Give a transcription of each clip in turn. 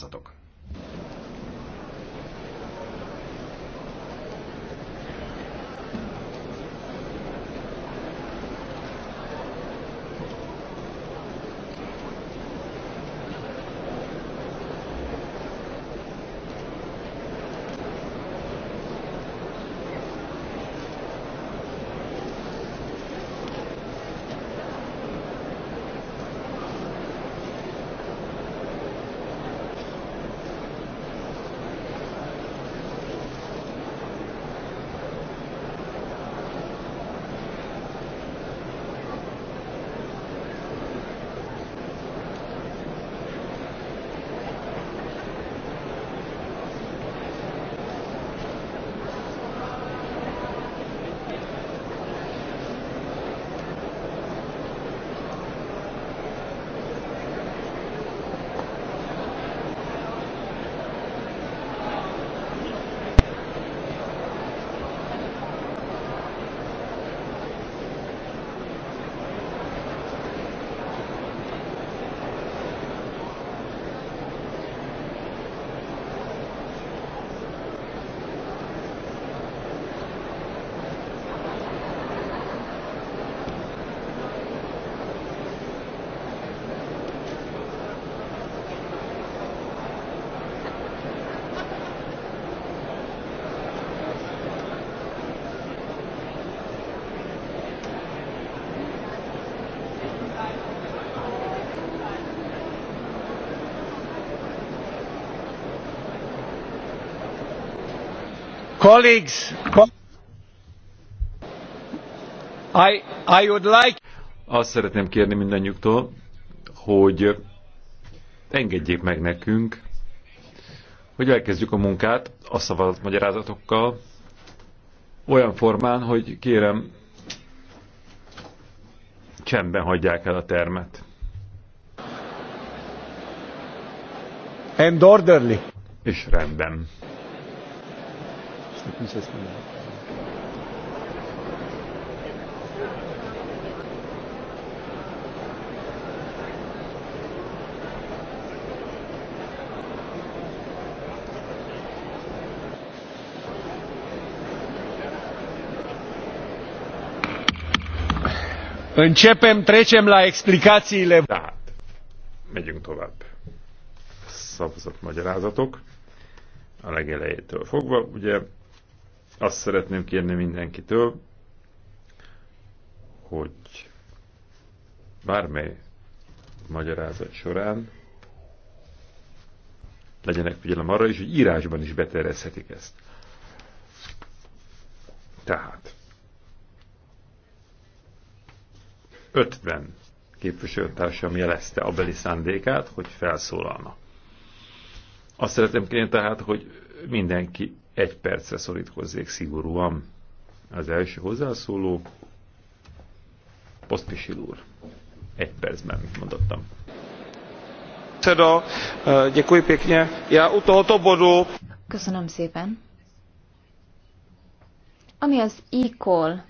kockázatok. Azt szeretném kérni mindannyiuktól, hogy engedjék meg nekünk, hogy elkezdjük a munkát a szavazatmagyarázatokkal olyan formán, hogy kérem, csendben hagyják el a termet. And orderly. És rendben. Începem, trecem la explicațiile. Da, megyünk tovább. Szavazatmagyarázatok a legelejétől fogva, ugye azt szeretném kérni mindenkitől, hogy bármely magyarázat során legyenek figyelem arra is, hogy írásban is beterezhetik ezt. Tehát 50 képviselőtársam jelezte a beli szándékát, hogy felszólalna. Azt szeretném kérni tehát, hogy mindenki egy percre szorítkozzék szigorúan. Az első hozzászóló, Posztpisil úr. Egy percben, mint mondottam. Eh, děkuji pěkně. Já u tohoto bodu... Köszönöm szépen. Ami az e-call,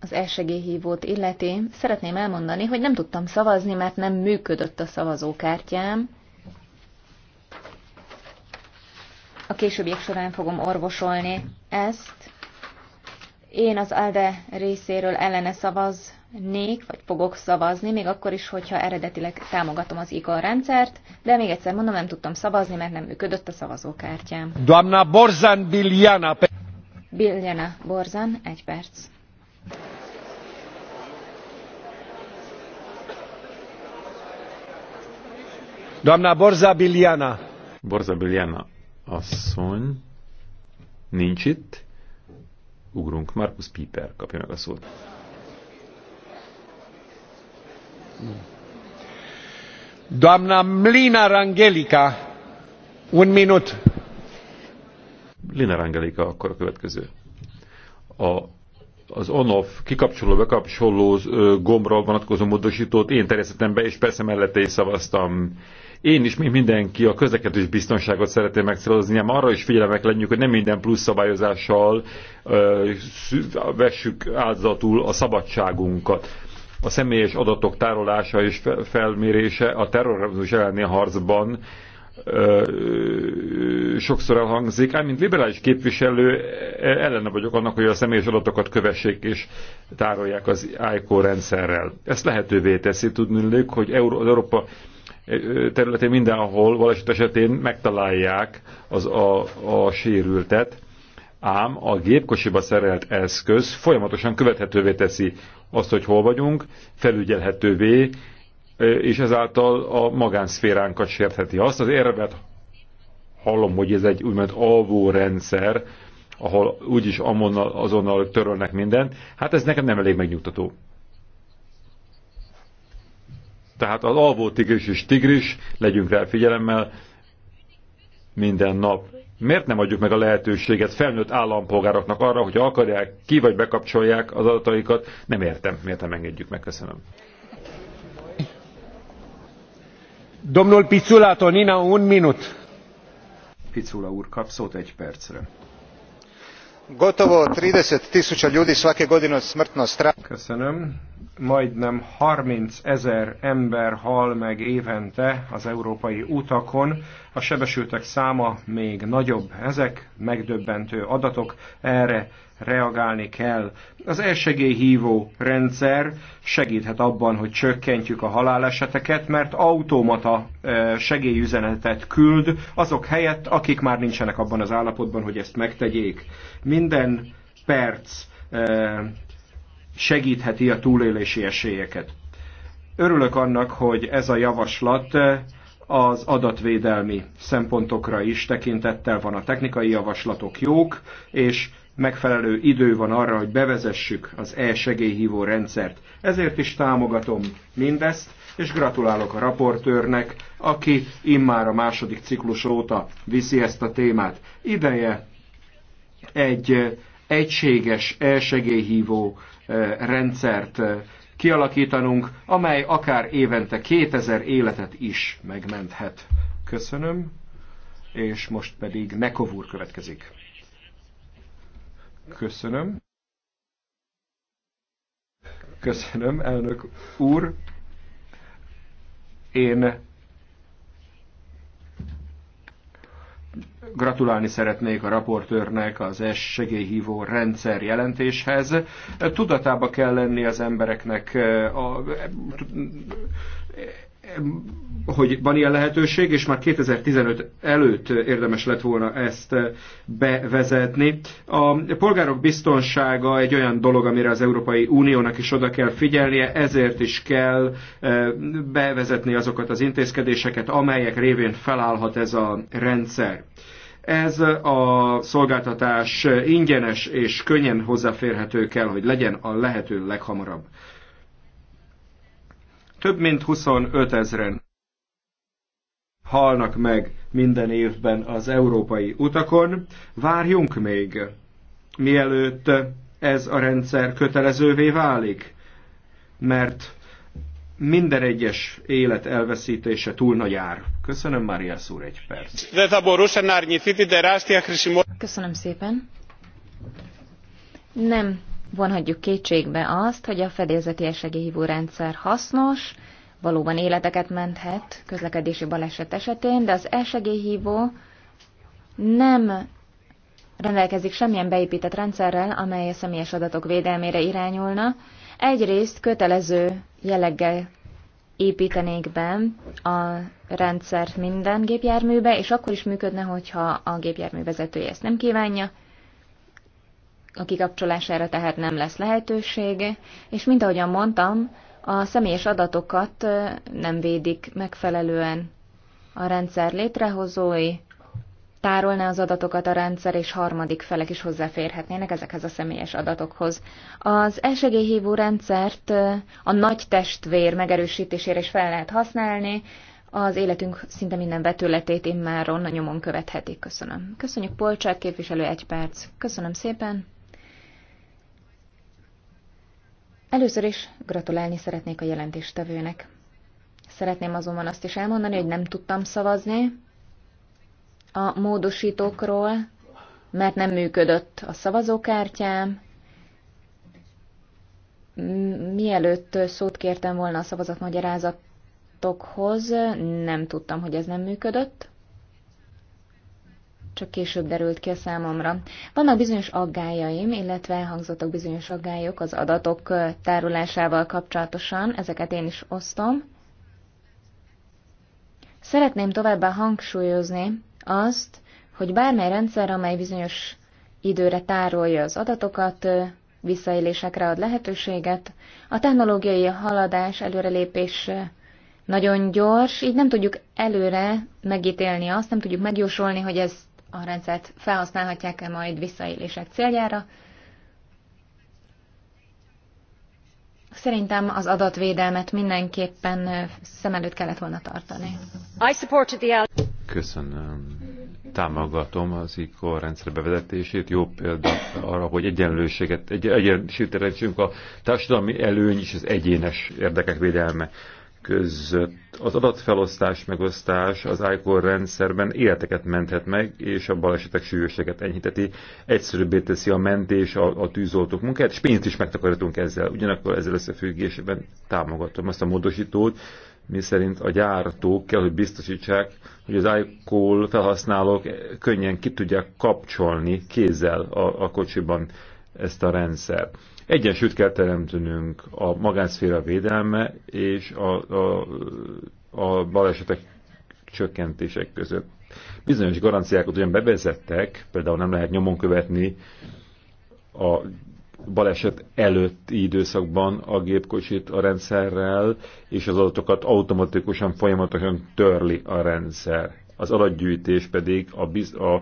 az elsegélyhívót illeti, szeretném elmondani, hogy nem tudtam szavazni, mert nem működött a szavazókártyám, A későbbiek során fogom orvosolni ezt. Én az ALDE részéről ellene szavaznék, vagy fogok szavazni, még akkor is, hogyha eredetileg támogatom az IGOL rendszert, de még egyszer mondom, nem tudtam szavazni, mert nem működött a szavazókártyám. Doamna Borzan Biljana. Biljana Borzan, egy perc. Doamna Borza Biljana. Borza Biljana asszony nincs itt. Ugrunk. Markus Piper kapja meg a szót. Doamna Mlina Rangelica, un minut. Lina Rangelica akkor a következő. A az on-off kikapcsoló, bekapcsoló gombra vonatkozó módosítót én terjesztettem be, és persze mellette is szavaztam. Én is, mi mindenki a közlekedés biztonságot szeretném megszerozni, ám arra is figyelemek legyünk, hogy nem minden plusz szabályozással ö, vessük áldozatul a szabadságunkat. A személyes adatok tárolása és felmérése a terrorizmus elleni harcban sokszor elhangzik, ám mint liberális képviselő e, ellene vagyok annak, hogy a személyes adatokat kövessék és tárolják az ICO rendszerrel. Ezt lehetővé teszi tudnunk, hogy az Európa e, területén mindenhol valeset esetén megtalálják az a, a sérültet, ám a gépkocsiba szerelt eszköz folyamatosan követhetővé teszi azt, hogy hol vagyunk, felügyelhetővé, és ezáltal a magánszféránkat sértheti. Azt az érvet hallom, hogy ez egy úgymond alvó rendszer, ahol úgyis amonnal, azonnal törölnek mindent, hát ez nekem nem elég megnyugtató. Tehát az alvó tigris és tigris, legyünk rá figyelemmel, minden nap. Miért nem adjuk meg a lehetőséget felnőtt állampolgároknak arra, hogy akarják, ki vagy bekapcsolják az adataikat? Nem értem, miért nem engedjük meg. Köszönöm. percre. Gotovo 30 tisuća ljudi svake godine smrtno strada. Majdnem 30 ezer ember hal meg évente az európai utakon. A sebesültek száma még nagyobb. Ezek megdöbbentő adatok. Erre reagálni kell. Az elsegélyhívó rendszer segíthet abban, hogy csökkentjük a haláleseteket, mert automata segélyüzenetet küld azok helyett, akik már nincsenek abban az állapotban, hogy ezt megtegyék. Minden perc segítheti a túlélési esélyeket. Örülök annak, hogy ez a javaslat az adatvédelmi szempontokra is tekintettel van. A technikai javaslatok jók, és megfelelő idő van arra, hogy bevezessük az e-segélyhívó rendszert. Ezért is támogatom mindezt, és gratulálok a raportőrnek, aki immár a második ciklus óta viszi ezt a témát. Ideje egy egységes e-segélyhívó rendszert kialakítanunk, amely akár évente 2000 életet is megmenthet. Köszönöm, és most pedig Nekov úr következik. Köszönöm. Köszönöm, elnök úr. Én gratulálni szeretnék a raportőrnek az S-segélyhívó rendszer jelentéshez. Tudatába kell lenni az embereknek, a, hogy van ilyen lehetőség, és már 2015 előtt érdemes lett volna ezt eh, bevezetni. A polgárok biztonsága egy olyan dolog, amire az Európai Uniónak is oda kell figyelnie, ezért is kell eh, bevezetni azokat az intézkedéseket, amelyek révén felállhat ez a rendszer. Ez a szolgáltatás ingyenes és könnyen hozzáférhető kell, hogy legyen a lehető leghamarabb. Több mint 25 ezeren halnak meg minden évben az európai utakon. Várjunk még, mielőtt ez a rendszer kötelezővé válik, mert minden egyes élet elveszítése túl nagy ár. Köszönöm, Mária úr, egy perc. Köszönöm szépen. Nem vonhatjuk kétségbe azt, hogy a fedélzeti segélyhívó rendszer hasznos, valóban életeket menthet közlekedési baleset esetén, de az elsegélyhívó nem rendelkezik semmilyen beépített rendszerrel, amely a személyes adatok védelmére irányulna. Egyrészt kötelező jelleggel építenék be a rendszert minden gépjárműbe, és akkor is működne, hogyha a gépjármű vezetője ezt nem kívánja, a kikapcsolására tehát nem lesz lehetőség, és mint ahogyan mondtam, a személyes adatokat nem védik megfelelően. A rendszer létrehozói tárolná az adatokat a rendszer, és harmadik felek is hozzáférhetnének ezekhez a személyes adatokhoz. Az esegélyhívó rendszert a nagy testvér megerősítésére is fel lehet használni, az életünk szinte minden vetületét immáron a nyomon követhetik. Köszönöm. Köszönjük Polcsák képviselő egy perc. Köszönöm szépen. Először is gratulálni szeretnék a jelentéstevőnek. Szeretném azonban azt is elmondani, hogy nem tudtam szavazni a módosítókról, mert nem működött a szavazókártyám. Mielőtt szót kértem volna a szavazatmagyarázatokhoz, nem tudtam, hogy ez nem működött csak később derült ki a számomra. Vannak bizonyos aggájaim, illetve elhangzottak bizonyos aggályok az adatok tárolásával kapcsolatosan, ezeket én is osztom. Szeretném továbbá hangsúlyozni azt, hogy bármely rendszer, amely bizonyos időre tárolja az adatokat, visszaélésekre ad lehetőséget, a technológiai haladás, előrelépés nagyon gyors, így nem tudjuk előre megítélni azt, nem tudjuk megjósolni, hogy ez a rendszert felhasználhatják-e majd visszaélések céljára. Szerintem az adatvédelmet mindenképpen szem előtt kellett volna tartani. Köszönöm. Támogatom az ICO rendszer bevezetését. Jó példa arra, hogy egyenlőséget, egy, egyenlőséget a társadalmi előny és az egyénes érdekek védelme között. Az adatfelosztás megosztás az iCore rendszerben életeket menthet meg, és a balesetek sűrűséget enyhíteti, egyszerűbbé teszi a mentés, a, a tűzoltók munkáját, és pénzt is megtakarítunk ezzel. Ugyanakkor ezzel összefüggésben támogatom azt a módosítót, mi szerint a gyártók kell, hogy biztosítsák, hogy az iCall felhasználók könnyen ki tudják kapcsolni kézzel a, a kocsiban ezt a rendszert Egyensúlyt kell teremtenünk a magánszféra védelme és a, a, a balesetek csökkentések között. Bizonyos garanciákat ugyan bevezettek, például nem lehet nyomon követni a baleset előtti időszakban a gépkocsit a rendszerrel, és az adatokat automatikusan, folyamatosan törli a rendszer az adatgyűjtés pedig a, biz, a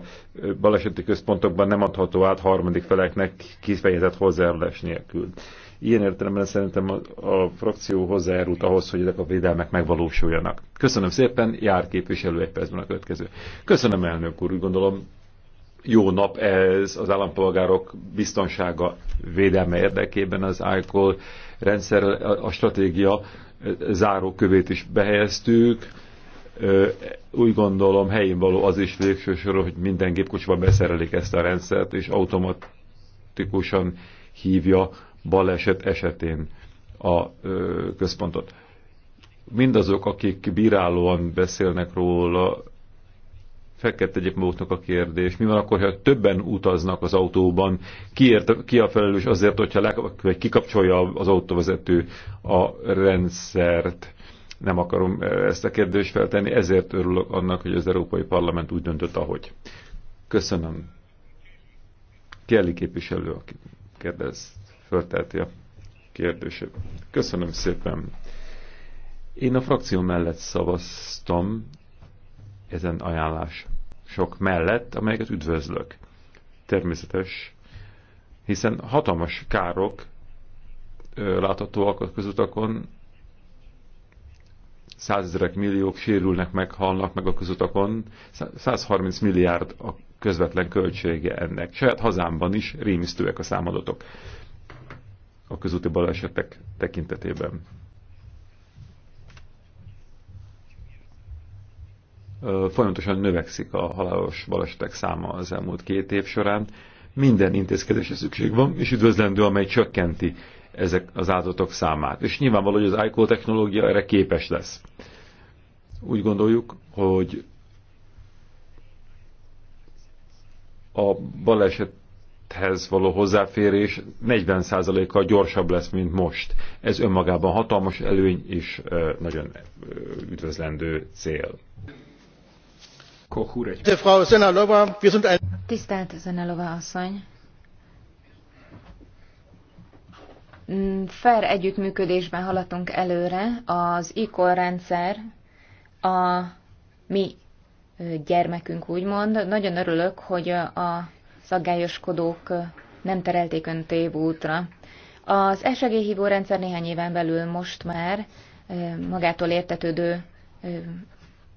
baleseti központokban nem adható át harmadik feleknek kifejezett hozzájárulás nélkül. Ilyen értelemben szerintem a, a frakció hozzájárult ahhoz, hogy ezek a védelmek megvalósuljanak. Köszönöm szépen, jár képviselő egy percben a következő. Köszönöm elnök úr, úgy gondolom jó nap ez az állampolgárok biztonsága védelme érdekében az ICOL rendszer, a stratégia záró kövét is behelyeztük úgy gondolom helyén való az is végső soron, hogy minden gépkocsiban beszerelik ezt a rendszert, és automatikusan hívja baleset esetén a központot. Mindazok, akik bírálóan beszélnek róla, fekett egyik tegyék maguknak a kérdés. Mi van akkor, ha többen utaznak az autóban? Kiért, ki a felelős azért, hogyha le, vagy kikapcsolja az autóvezető a rendszert? nem akarom ezt a kérdést feltenni, ezért örülök annak, hogy az Európai Parlament úgy döntött, ahogy. Köszönöm. Kelly képviselő, aki kérdez, fölteheti a kérdését. Köszönöm szépen. Én a frakció mellett szavaztam ezen ajánlás sok mellett, amelyeket üdvözlök. Természetes, hiszen hatalmas károk láthatóak a közutakon, százezerek, milliók sérülnek meg, halnak meg a közutakon, 130 milliárd a közvetlen költsége ennek. Saját hazámban is rémisztőek a számadatok a közúti balesetek tekintetében. Folyamatosan növekszik a halálos balesetek száma az elmúlt két év során. Minden intézkedésre szükség van, és üdvözlendő, amely csökkenti ezek az áldozatok számát. És nyilvánvaló, hogy az ICO technológia erre képes lesz. Úgy gondoljuk, hogy a balesethez való hozzáférés 40%-kal gyorsabb lesz, mint most. Ez önmagában hatalmas előny és nagyon üdvözlendő cél. Tisztelt Zenelova asszony! Mm, fair együttműködésben haladtunk előre, az ICOL rendszer a mi gyermekünk úgymond. Nagyon örülök, hogy a szaggályoskodók nem terelték önt tévútra. Az esegélyhívó rendszer néhány éven belül most már magától értetődő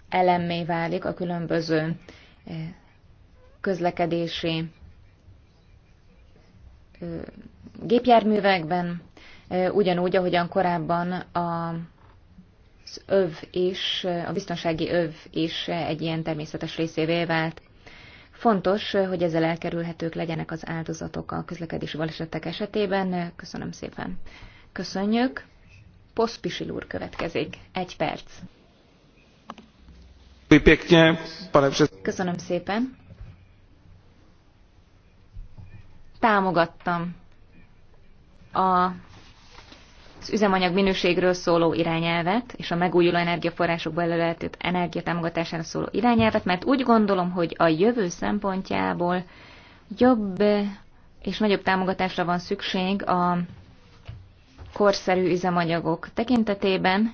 elemmé válik a különböző közlekedési gépjárművekben, ugyanúgy, ahogyan korábban a az öv is, a biztonsági öv is egy ilyen természetes részévé vált. Fontos, hogy ezzel elkerülhetők legyenek az áldozatok a közlekedési balesetek esetében. Köszönöm szépen. Köszönjük. Poszpisil úr következik. Egy perc. Köszönöm szépen. támogattam a, az üzemanyag minőségről szóló irányelvet és a megújuló energiaforrásokból energia energiatámogatására szóló irányelvet, mert úgy gondolom, hogy a jövő szempontjából jobb és nagyobb támogatásra van szükség a korszerű üzemanyagok tekintetében,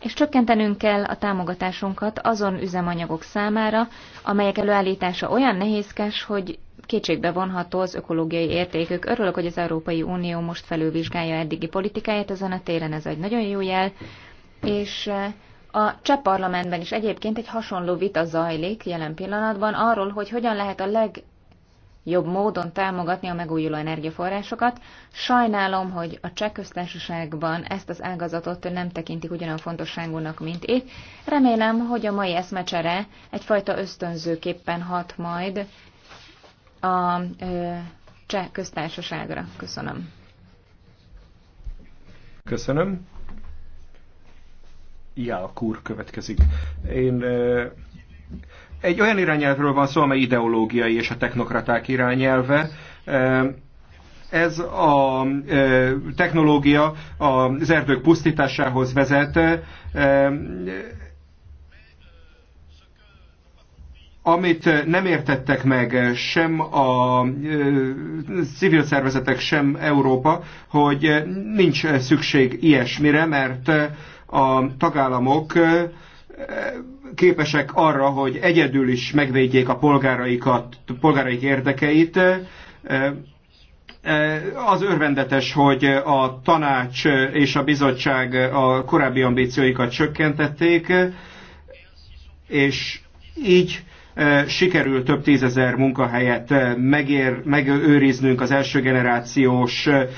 és csökkentenünk kell a támogatásunkat azon üzemanyagok számára, amelyek előállítása olyan nehézkes, hogy kétségbe vonható az ökológiai értékük. Örülök, hogy az Európai Unió most felülvizsgálja eddigi politikáját ezen a téren, ez egy nagyon jó jel, és eh, a cseh parlamentben is egyébként egy hasonló vita zajlik jelen pillanatban arról, hogy hogyan lehet a legjobb módon támogatni a megújuló energiaforrásokat. Sajnálom, hogy a cseh köztársaságban ezt az ágazatot nem tekintik ugyanolyan fontosságúnak, mint itt. Remélem, hogy a mai eszmecsere egyfajta ösztönzőképpen hat majd a cseh köztársaságra. Köszönöm. Köszönöm. Ja, kúr következik. Én egy olyan irányelvről van szó, amely ideológiai és a technokraták irányelve. Ez a technológia az erdők pusztításához vezet amit eh, nem értettek meg eh, sem a eh, civil szervezetek, sem Európa, hogy nincs szükség ilyesmire, mert a tagállamok képesek arra, hogy egyedül is megvédjék a polgáraikat, polgáraik érdekeit. Az örvendetes, hogy a tanács és a bizottság a korábbi ambícióikat csökkentették, és így Eh, sikerül több tízezer munkahelyet eh, megér, megőriznünk az első generációs eh,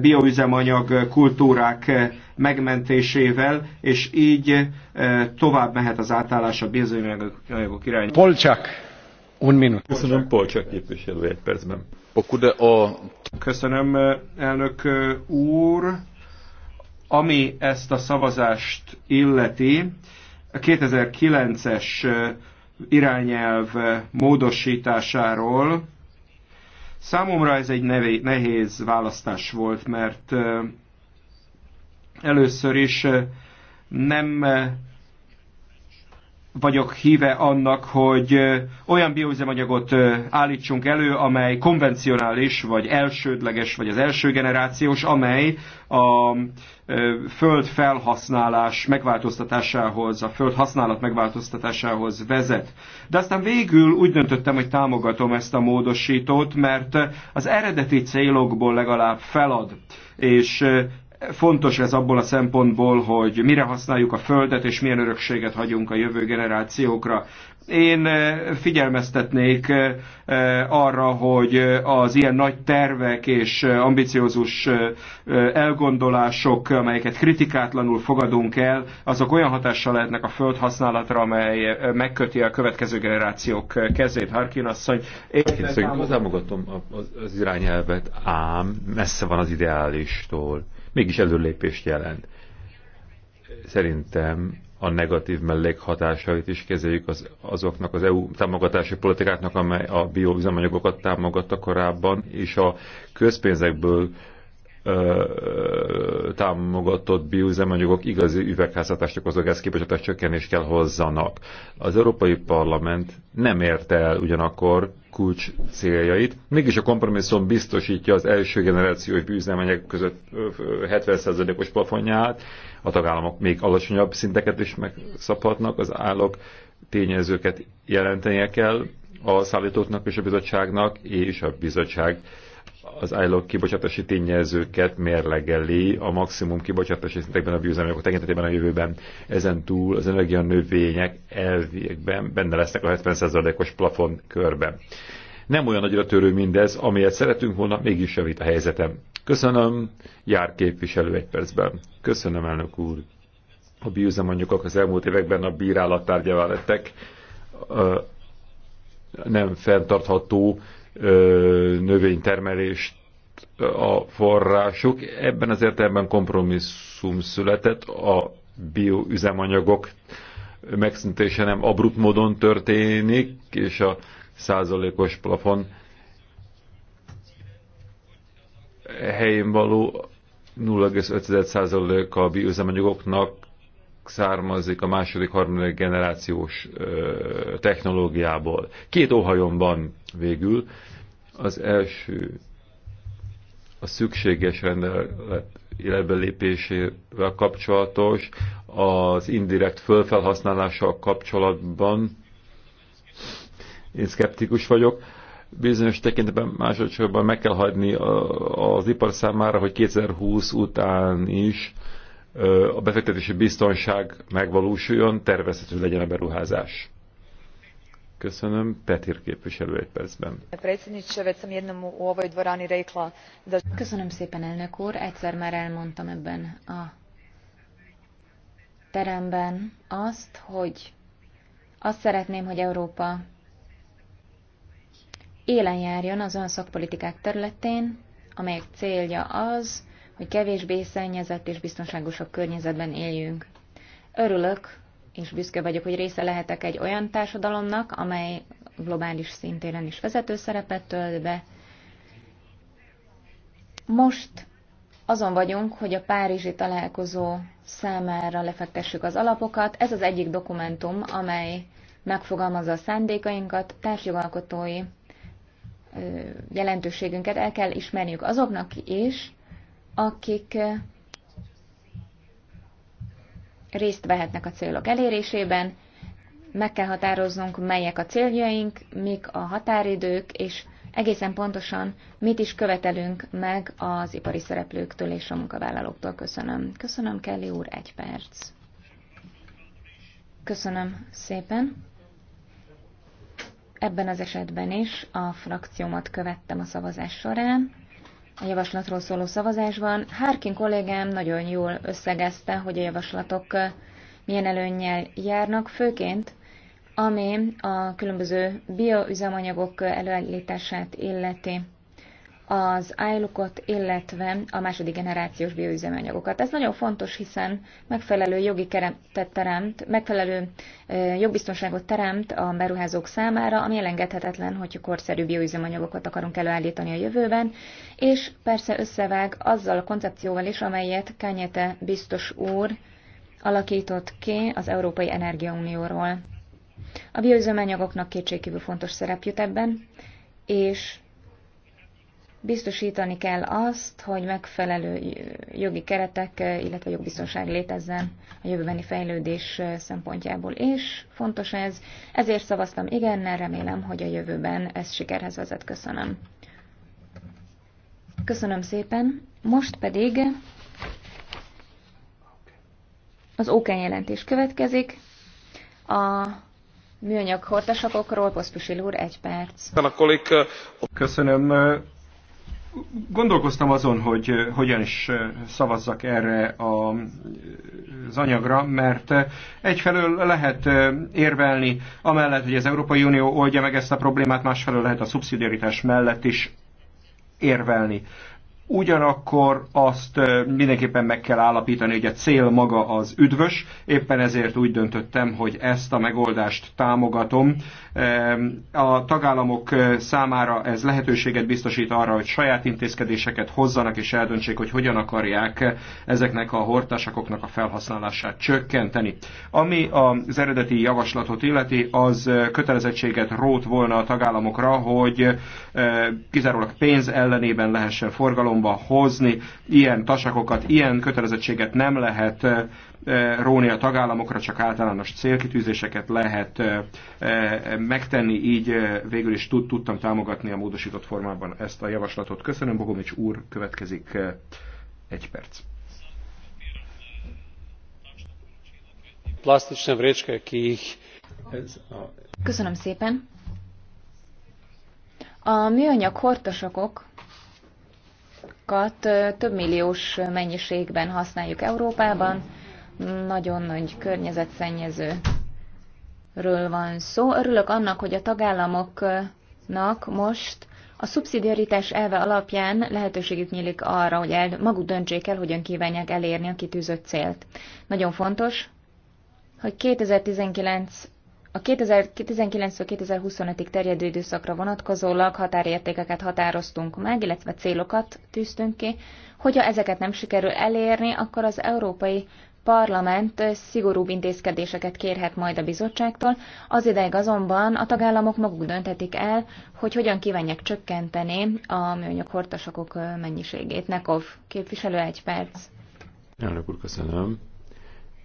bioüzemanyag kultúrák megmentésével, és így tovább mehet az átállás a bioüzemanyagok irányába. Polcsak, un minut. Köszönöm, Polcsak képviselő egy percben. Köszönöm, elnök úr. Ami ezt a szavazást illeti, a 2009-es irányelv módosításáról. Számomra ez egy nehéz választás volt, mert először is nem vagyok híve annak, hogy olyan bioüzemanyagot állítsunk elő, amely konvencionális, vagy elsődleges, vagy az első generációs, amely a föld felhasználás megváltoztatásához, a föld használat megváltoztatásához vezet. De aztán végül úgy döntöttem, hogy támogatom ezt a módosítót, mert az eredeti célokból legalább felad, és Fontos ez abból a szempontból, hogy mire használjuk a Földet, és milyen örökséget hagyunk a jövő generációkra. Én eh, figyelmeztetnék eh, eh, arra, hogy az ilyen nagy tervek és ambiciózus elgondolások, amelyeket kritikátlanul fogadunk el, azok olyan hatással lehetnek a föld használatra, amely megköti a következő generációk kezét. Harkin asszony. Én támogatom az irányelvet, ám messze van az ideálistól mégis előlépést jelent. Szerintem a negatív mellékhatásait is kezeljük az, azoknak az EU támogatási politikáknak, amely a bióüzemanyagokat támogatta korábban, és a közpénzekből ö, támogatott bióüzemanyagok igazi üvegházhatást okozó gázkibocsátás csökkenést kell hozzanak. Az Európai Parlament nem érte el ugyanakkor kulcs céljait. Mégis a kompromisszum biztosítja az első generációs bűzlemények között 70%-os plafonját, a tagállamok még alacsonyabb szinteket is megszabhatnak, az állok tényezőket jelentenie kell a szállítóknak és a bizottságnak, és a bizottság az állók kibocsátási tényezőket mérlegeli a maximum kibocsátási szintekben a bioüzemanyagok tekintetében a jövőben. Ezen túl az növények elvégben benne lesznek a 70%-os plafon körben. Nem olyan nagyra törő mindez, amelyet szeretünk volna, mégis javít a helyzetem. Köszönöm, jár képviselő egy percben. Köszönöm, elnök úr. A bűzemanyagok az elmúlt években a bírálat tárgyává lettek. Nem fenntartható növénytermelést a forrásuk. Ebben az értelemben kompromisszum született, a bioüzemanyagok megszüntése nem abrupt módon történik, és a százalékos plafon helyén való 0,5%-a a bioüzemanyagoknak származik a második, harmadik generációs technológiából. Két óhajon van végül. Az első a szükséges rendelet életbe lépésével kapcsolatos, az indirekt fölfelhasználással kapcsolatban én szkeptikus vagyok. Bizonyos tekintetben másodszorban meg kell hagyni az ipar számára, hogy 2020 után is a befektetési biztonság megvalósuljon, tervezhető legyen a beruházás. Köszönöm. Petir képviselő egy percben. Köszönöm szépen, elnök úr. Egyszer már elmondtam ebben a teremben azt, hogy azt szeretném, hogy Európa élen járjon az olyan szakpolitikák területén, amelyek célja az, hogy kevésbé szennyezett és biztonságosabb környezetben éljünk. Örülök, és büszke vagyok, hogy része lehetek egy olyan társadalomnak, amely globális szintéren is vezető szerepet tölt be. Most azon vagyunk, hogy a Párizsi találkozó számára lefektessük az alapokat. Ez az egyik dokumentum, amely megfogalmazza a szándékainkat, társjogalkotói jelentőségünket el kell ismerniük azoknak is, akik eh, részt vehetnek a célok elérésében, meg kell határoznunk, melyek a céljaink, mik a határidők, és egészen pontosan mit is követelünk meg az ipari szereplőktől és a munkavállalóktól. Köszönöm. Köszönöm, Kelly úr, egy perc. Köszönöm szépen. Ebben az esetben is a frakciómat követtem a szavazás során a javaslatról szóló szavazásban. Harkin kollégám nagyon jól összegezte, hogy a javaslatok uh, milyen előnnyel járnak, főként ami a különböző bioüzemanyagok uh, előállítását illeti az ájlukot, illetve a második generációs bioüzemanyagokat. Ez nagyon fontos, hiszen megfelelő jogi keretet teremt, megfelelő jogbiztonságot teremt a beruházók számára, ami elengedhetetlen, hogyha korszerű bioüzemanyagokat akarunk előállítani a jövőben, és persze összevág azzal a koncepcióval is, amelyet Kányete biztos úr alakított ki az Európai Energiaunióról. A bioüzemanyagoknak kétségkívül fontos szerep jut ebben, és Biztosítani kell azt, hogy megfelelő jogi keretek, illetve jogbiztonság létezzen a jövőbeni fejlődés szempontjából, és fontos ez. Ezért szavaztam igennel, remélem, hogy a jövőben ez sikerhez vezet. Köszönöm. Köszönöm szépen. Most pedig az OK jelentés következik. A műanyag hortasakokról Poszpusil úr egy perc. Köszönöm gondolkoztam azon, hogy eh, hogyan is eh, szavazzak erre a, az anyagra, mert eh, egyfelől lehet érvelni amellett, hogy az Európai Unió oldja meg ezt a problémát, másfelől lehet a szubszidiaritás mellett is érvelni ugyanakkor azt mindenképpen meg kell állapítani, hogy a cél maga az üdvös, éppen ezért úgy döntöttem, hogy ezt a megoldást támogatom. A tagállamok számára ez lehetőséget biztosít arra, hogy saját intézkedéseket hozzanak és eldöntsék, hogy hogyan akarják ezeknek a hortásakoknak a felhasználását csökkenteni. Ami az eredeti javaslatot illeti, az kötelezettséget rót volna a tagállamokra, hogy kizárólag pénz ellenében lehessen forgalom összhangba hozni. Ilyen tasakokat, ilyen kötelezettséget nem lehet róni a tagállamokra, csak általános célkitűzéseket lehet megtenni, így végül is tud, tudtam támogatni a módosított formában ezt a javaslatot. Köszönöm, Bogomics úr, következik egy perc. Plastične vrečke, ki jih... Köszönöm szépen. A műanyag hortosokok alapokat több milliós mennyiségben használjuk Európában. Nagyon nagy környezetszennyezőről van szó. Örülök annak, hogy a tagállamoknak most a szubszidiaritás elve alapján lehetőségük nyílik arra, hogy el, maguk döntsék el, hogyan kívánják elérni a kitűzött célt. Nagyon fontos, hogy 2019 a 2019-2025-ig terjedő időszakra vonatkozólag határértékeket határoztunk meg, illetve célokat tűztünk ki. Hogyha ezeket nem sikerül elérni, akkor az Európai Parlament szigorúbb intézkedéseket kérhet majd a bizottságtól, az ideig azonban a tagállamok maguk dönthetik el, hogy hogyan kívánják csökkenteni a műanyag hortasokok mennyiségét. Nekov, képviselő egy perc. Elnök úr, köszönöm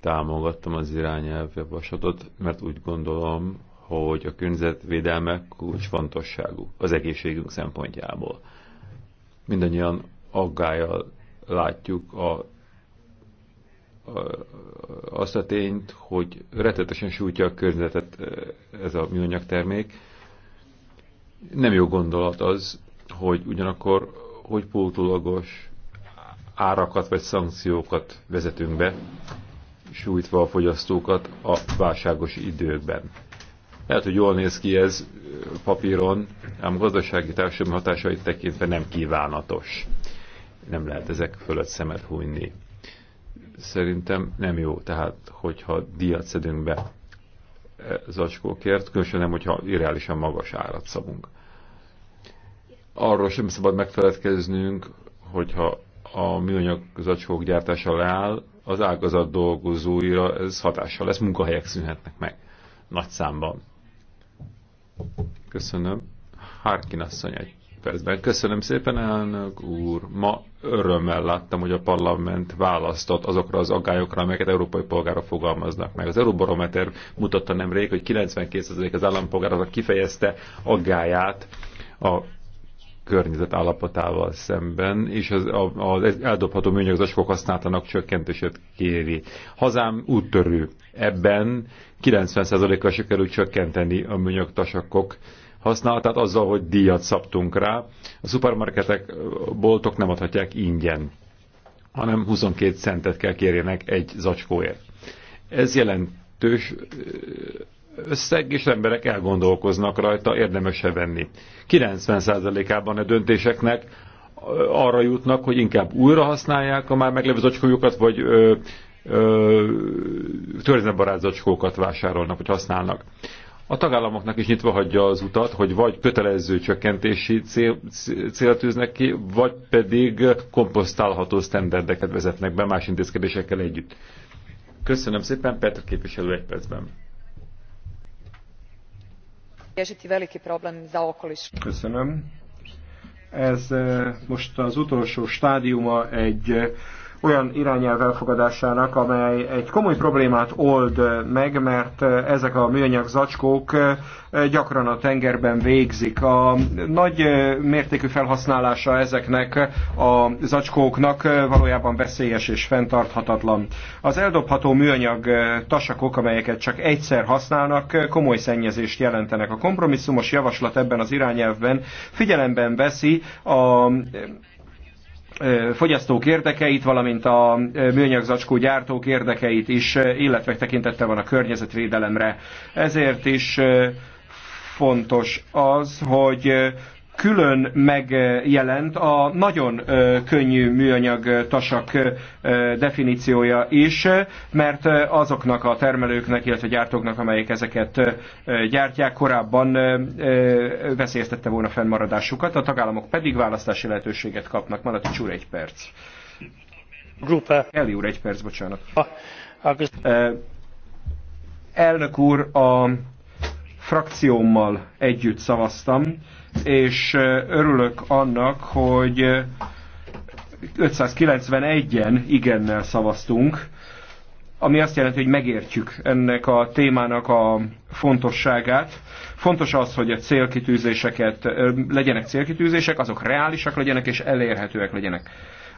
támogattam az irányelvjavaslatot, mert úgy gondolom, hogy a környezetvédelme kulcsfontosságú az egészségünk szempontjából. Mindannyian aggájjal látjuk a, a, azt a tényt, hogy rettetesen sújtja a környezetet e, ez a műanyag termék. Nem jó gondolat az, hogy ugyanakkor, hogy pótulagos árakat vagy szankciókat vezetünk be, sújtva a fogyasztókat a válságos időkben. Lehet, hogy jól néz ki ez papíron, ám gazdasági társadalmi hatásait tekintve nem kívánatos. Nem lehet ezek fölött szemet hújni. Szerintem nem jó, tehát hogyha díjat szedünk be e, zacskókért, különösen nem, hogyha irreálisan magas árat szabunk. Arról sem szabad megfeledkeznünk, hogyha a műanyag zacskók gyártása leáll, az ágazat dolgozóira ez hatással lesz, munkahelyek szűnhetnek meg nagy számban. Köszönöm. Harkin asszony egy percben. Köszönöm szépen, elnök úr. Ma örömmel láttam, hogy a parlament választott azokra az aggályokra, amelyeket európai polgárok fogalmaznak meg. Az Euróbarometer mutatta nemrég, hogy 92% az állampolgár kifejezte aggáját a környezet állapotával szemben, és az, az eldobható műanyag zacskók használatának csökkentését kéri. Hazám úttörő. Ebben 90%-kal sikerült csökkenteni a műanyag tasakok használatát azzal, hogy díjat szabtunk rá. A szupermarketek, boltok nem adhatják ingyen, hanem 22 centet kell kérjenek egy zacskóért. Ez jelentős összeg, és emberek elgondolkoznak rajta, érdemese venni. 90%-ában a döntéseknek arra jutnak, hogy inkább újra használják a már meglevő zacskójukat, vagy ö, törzsnebarát zacskókat vásárolnak, vagy használnak. A tagállamoknak is nyitva hagyja az utat, hogy vagy kötelező csökkentési cél, cél tűznek ki, vagy pedig komposztálható sztenderdeket vezetnek be más intézkedésekkel együtt. Köszönöm szépen, Petr képviselő egy percben. Köszönöm. Ez eh, most az utolsó stádiuma egy eh, olyan irányelv elfogadásának, amely egy komoly problémát old meg, mert ezek a műanyag zacskók gyakran a tengerben végzik. A nagy mértékű felhasználása ezeknek a zacskóknak valójában veszélyes és fenntarthatatlan. Az eldobható műanyag tasakok, amelyeket csak egyszer használnak, komoly szennyezést jelentenek. A kompromisszumos javaslat ebben az irányelvben figyelemben veszi a fogyasztók érdekeit, valamint a műanyagzacskó gyártók érdekeit is, illetve tekintette van a környezetvédelemre. Ezért is fontos az, hogy külön megjelent a nagyon könnyű műanyag tasak definíciója is, mert azoknak a termelőknek, illetve gyártóknak, amelyek ezeket gyártják, korábban veszélyeztette volna fennmaradásukat, a tagállamok pedig választási lehetőséget kapnak. Malatics úr, egy perc. Grupa. Eli úr, egy perc, bocsánat. Elnök úr, a frakciómmal együtt szavaztam, és örülök annak, hogy 591-en igennel szavaztunk, ami azt jelenti, hogy megértjük ennek a témának a fontosságát. Fontos az, hogy a célkitűzéseket legyenek célkitűzések, azok reálisak legyenek és elérhetőek legyenek.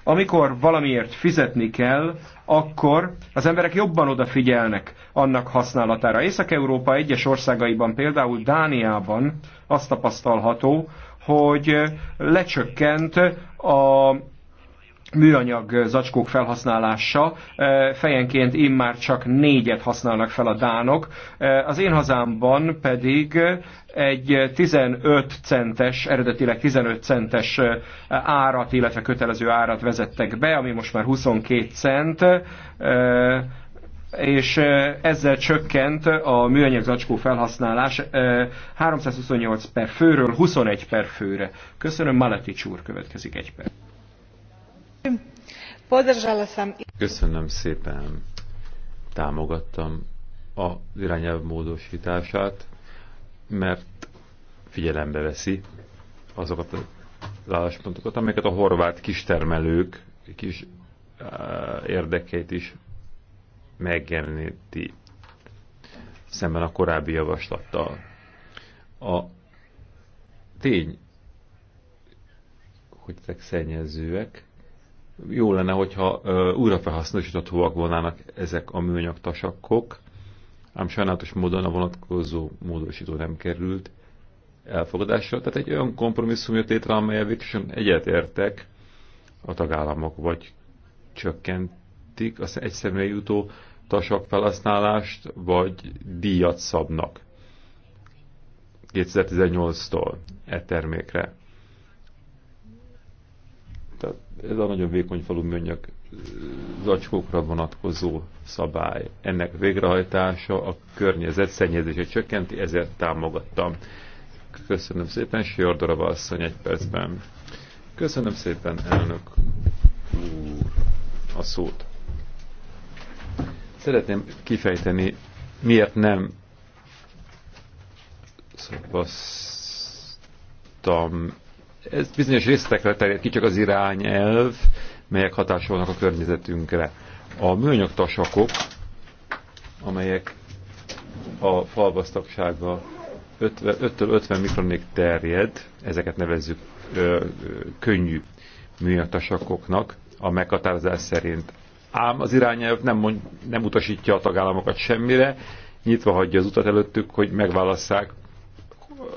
Amikor valamiért fizetni kell, akkor az emberek jobban odafigyelnek annak használatára. Észak-Európa egyes országaiban, például Dániában azt tapasztalható, hogy lecsökkent a műanyag zacskók felhasználása. E, fejenként immár csak négyet használnak fel a dánok. E, az én hazámban pedig egy 15 centes, eredetileg 15 centes árat, illetve kötelező árat vezettek be, ami most már 22 cent e, és ezzel csökkent a műanyag zacskó felhasználás 328 per főről 21 per főre. Köszönöm, Maletics úr következik egy perc. Köszönöm szépen. Támogattam a irányelv módosítását, mert figyelembe veszi azokat az álláspontokat, amelyeket a horvát kistermelők kis eh, érdekeit is megjeleníti szemben a korábbi javaslattal. A tény, hogy ezek szennyezőek, jó lenne, hogyha újra felhasználhatóak volnának ezek a műanyag tasakok, ám sajnálatos módon a vonatkozó módosító nem került elfogadásra. Tehát egy olyan kompromisszum jött létre, amelyel végsősorban egyetértek a tagállamok, vagy csökkentik az egyszerűen jutó tasak felhasználást, vagy díjat szabnak 2018-tól e termékre. Tehát ez a nagyon vékony falu műanyag zacskókra vonatkozó szabály. Ennek végrehajtása a környezet szennyezését csökkenti, ezért támogattam. Köszönöm szépen, Sjordora asszony egy percben. Köszönöm szépen, elnök úr, a szót. Szeretném kifejteni, miért nem szabasztam ez bizonyos részletekre terjed ki, csak az irányelv, melyek hatásolnak a környezetünkre. A műanyagtasakok, amelyek a falvasztagsága 5-50 mikronig terjed, ezeket nevezzük ö, ö, könnyű műanyagtasakoknak a meghatározás szerint. Ám az irányelv nem, mond, nem utasítja a tagállamokat semmire, nyitva hagyja az utat előttük, hogy megválasszák,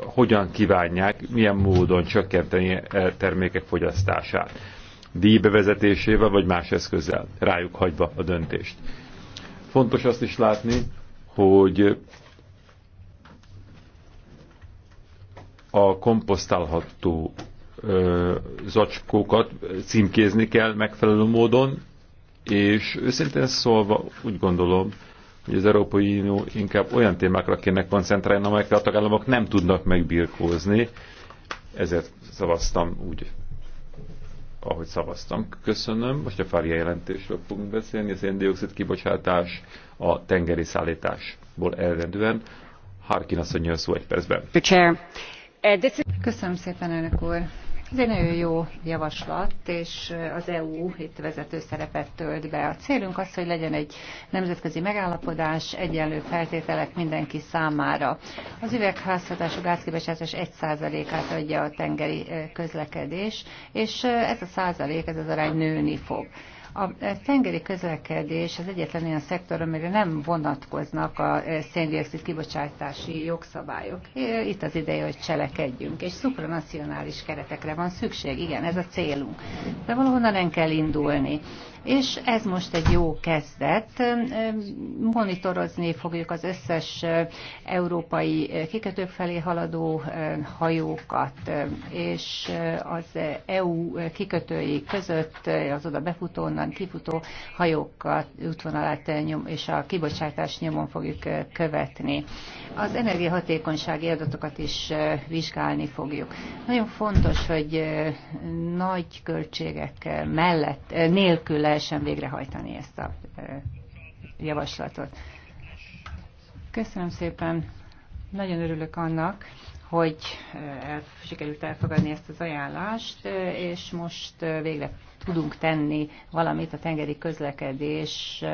hogyan kívánják, milyen módon csökkenteni termékek fogyasztását. díjbevezetésével vagy más eszközzel, rájuk hagyva a döntést. Fontos azt is látni, hogy a komposztálható ö, zacskókat címkézni kell megfelelő módon, és őszintén szólva úgy gondolom, hogy az Európai Unió inkább olyan témákra kéne koncentrálni, amelyekre a tagállamok nem tudnak megbirkózni. Ezért szavaztam úgy, ahogy szavaztam. Köszönöm. Most a Fária jelentésről fogunk beszélni. A széndiokszid kibocsátás a tengeri szállításból eredően. Harkin asszony szó egy percben. Eh, Köszönöm szépen, elnök úr. Ez egy nagyon jó javaslat, és az EU itt vezető szerepet tölt be. A célunk az, hogy legyen egy nemzetközi megállapodás, egyenlő feltételek mindenki számára. Az üvegházhatású gázkibocsátás 1%-át adja a tengeri közlekedés, és ez a százalék, ez az arány nőni fog. A e, tengeri közlekedés az egyetlen olyan szektor, amire nem vonatkoznak a e, széndiokszid kibocsátási jogszabályok. Itt az ideje, hogy cselekedjünk, és szupranacionális keretekre van szükség, igen, ez a célunk. De valahonnan nem kell indulni és ez most egy jó kezdet. Monitorozni fogjuk az összes európai kikötők felé haladó hajókat, és az EU kikötői között az oda befutó, onnan kifutó hajókat, útvonalát nyom, és a kibocsátás nyomon fogjuk követni. Az energiahatékonysági adatokat is vizsgálni fogjuk. Nagyon fontos, hogy nagy költségek mellett, nélkül lehessen végrehajtani ezt a javaslatot. Köszönöm szépen. Nagyon örülök annak, hogy el, sikerült elfogadni ezt az ajánlást, és most végre tudunk tenni valamit a tengeri közlekedés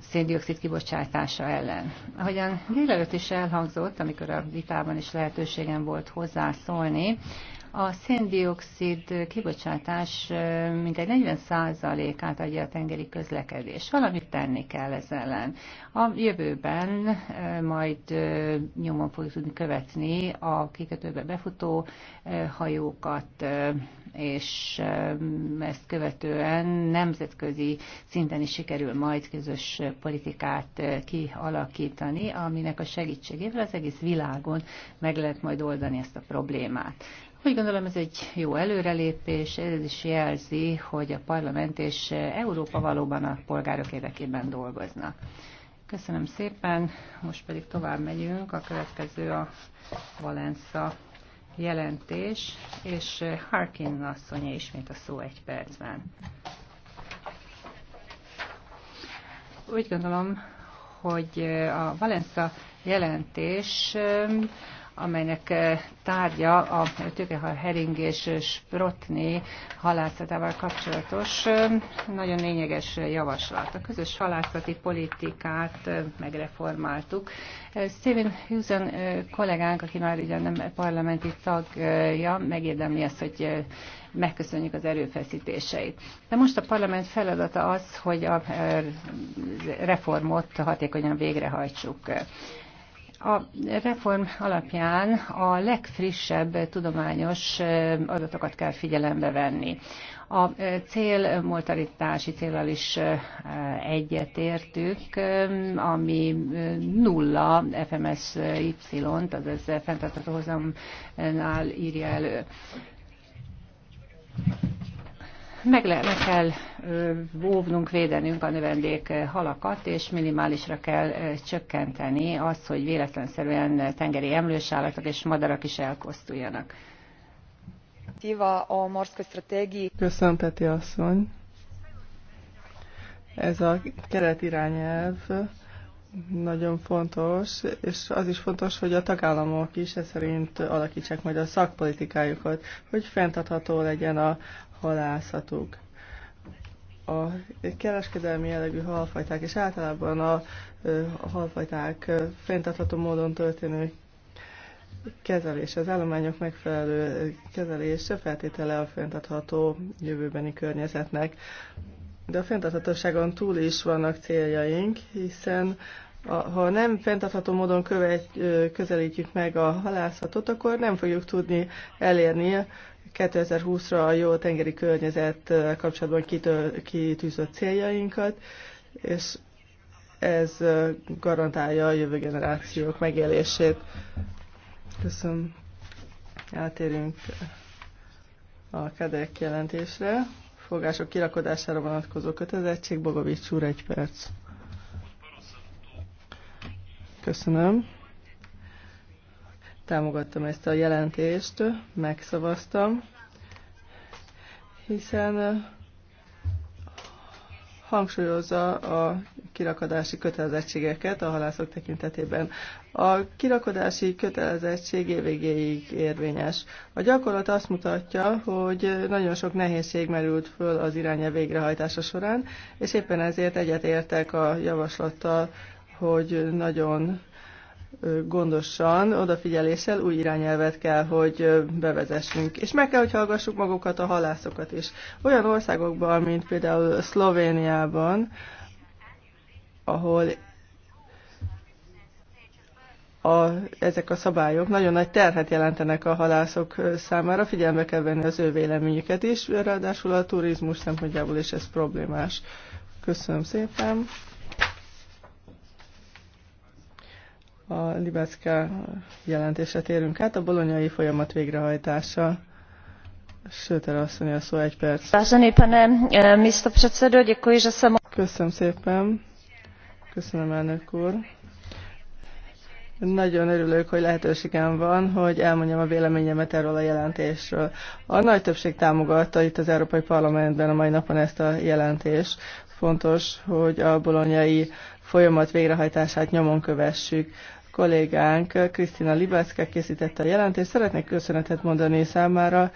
széndiokszid kibocsátása ellen. Ahogyan délelőtt is elhangzott, amikor a vitában is lehetőségem volt hozzászólni, a széndiokszid kibocsátás mintegy 40%-át adja a tengeri közlekedés. Valamit tenni kell ez ellen. A jövőben majd nyomon fogjuk tudni követni a kikötőbe befutó hajókat, és ezt követően nemzetközi szinten is sikerül majd közös politikát kialakítani, aminek a segítségével az egész világon meg lehet majd oldani ezt a problémát. Úgy gondolom ez egy jó előrelépés, ez is jelzi, hogy a parlament és Európa valóban a polgárok érdekében dolgoznak. Köszönöm szépen, most pedig tovább megyünk, a következő a Valenza jelentés, és Harkin asszonya ismét a szó egy percben. Úgy gondolom, hogy a Valenza jelentés amelynek eh, tárgya a tőkehal hering és sprotné halászatával kapcsolatos eh, nagyon lényeges javaslat. A közös halászati politikát eh, megreformáltuk. Steven Hughes kollégánk, aki már ugye nem parlamenti tagja, megérdemli azt, hogy megköszönjük az erőfeszítéseit. De most a parlament feladata az, hogy a reformot hatékonyan végrehajtsuk. A reform alapján a legfrissebb tudományos eh, adatokat kell figyelembe venni. A eh, cél célral is eh, egyetértük, ami nulla FMS y t azaz fenntartató hozamnál írja elő meg, le, meg kell óvnunk, védenünk a növendék halakat, és minimálisra kell csökkenteni azt, hogy véletlenszerűen tengeri emlősállatok és madarak is elkosztuljanak. A morszkoj stratégi. Köszönöm, Peti asszony. Ez a keretirányelv nagyon fontos, és az is fontos, hogy a tagállamok is ez szerint alakítsák majd a szakpolitikájukat, hogy fenntartható legyen a halászatuk. A kereskedelmi jellegű halfajták és általában a, a halfajták fenntartható módon történő kezelése, az állományok megfelelő kezelése feltétele a fenntartható jövőbeni környezetnek. De a fenntarthatóságon túl is vannak céljaink, hiszen ha nem fenntartható módon követ, közelítjük meg a halászatot, akkor nem fogjuk tudni elérni 2020-ra a jó tengeri környezet kapcsolatban kitűzött céljainkat, és ez garantálja a jövő generációk megélését. Köszönöm. Átérünk a KEDEK jelentésre. Fogások kirakodására vonatkozó kötelezettség. Bogovics úr, egy perc. Köszönöm támogattam ezt a jelentést, megszavaztam, hiszen hangsúlyozza a kirakadási kötelezettségeket a halászok tekintetében. A kirakadási kötelezettség évvégéig érvényes. A gyakorlat azt mutatja, hogy nagyon sok nehézség merült föl az irányelv végrehajtása során, és éppen ezért egyetértek a javaslattal, hogy nagyon gondosan, odafigyeléssel új irányelvet kell, hogy bevezessünk. És meg kell, hogy hallgassuk magukat a halászokat is. Olyan országokban, mint például Szlovéniában, ahol a, ezek a szabályok nagyon nagy terhet jelentenek a halászok számára, figyelme kell venni az ő véleményüket is, ráadásul a turizmus szempontjából is ez problémás. Köszönöm szépen! a Libeszke jelentésre térünk át, a bolonyai folyamat végrehajtása. Sőter asszony, a szó egy perc. Vážený pane eh, místo předsedo, děkuji, že jsem... Köszönöm szépen. Köszönöm, elnök úr. Nagyon örülök, hogy lehetőségem van, hogy elmondjam a véleményemet erről a jelentésről. A nagy többség támogatta itt az Európai Parlamentben a mai napon ezt a jelentést. Fontos, hogy a bolonyai folyamat végrehajtását nyomon kövessük kollégánk Krisztina Libeszke készítette a jelentést. Szeretnék köszönetet mondani számára,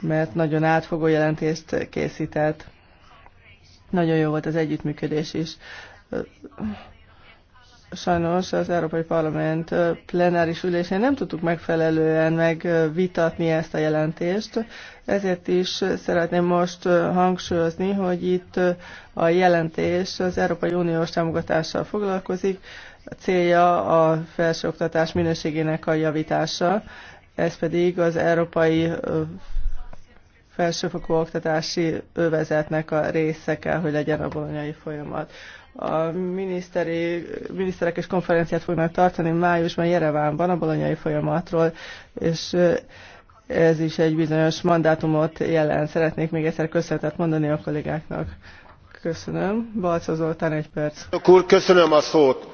mert nagyon átfogó jelentést készített. Nagyon jó volt az együttműködés is. Sajnos az Európai Parlament plenáris ülésén nem tudtuk megfelelően megvitatni ezt a jelentést, ezért is szeretném most hangsúlyozni, hogy itt a jelentés az Európai Uniós támogatással foglalkozik, célja a felsőoktatás minőségének a javítása, ez pedig az európai felsőfokú oktatási övezetnek a része kell, hogy legyen a bolonyai folyamat. A miniszteri, miniszterek és konferenciát fognak tartani májusban Jerevánban a bolonyai folyamatról, és ez is egy bizonyos mandátumot jelent. Szeretnék még egyszer köszönetet mondani a kollégáknak. Köszönöm. Balca Zoltán, egy perc. Köszönöm a szót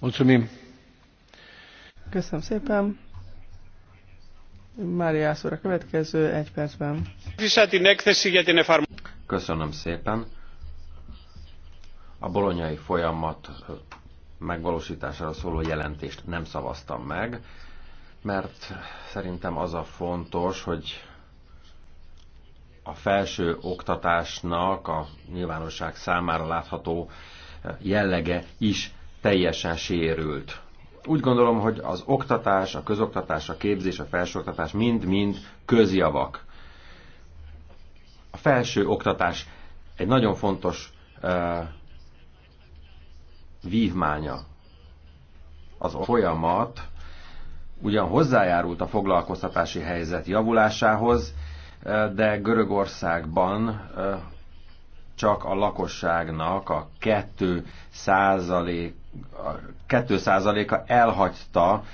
Mulțumim. Köszönöm szépen. Mária úr, a következő egy percben. Köszönöm szépen. A bolonyai folyamat megvalósítására szóló jelentést nem szavaztam meg, mert szerintem az a fontos, hogy a felső oktatásnak a nyilvánosság számára látható eh, jellege is teljesen sérült. Úgy gondolom, hogy az oktatás, a közoktatás, a képzés, a felsőoktatás mind-mind közjavak. A felső oktatás egy nagyon fontos uh, vívmánya. Az a folyamat ugyan hozzájárult a foglalkoztatási helyzet javulásához, de Görögországban csak a lakosságnak a 2 százaléka elhagyta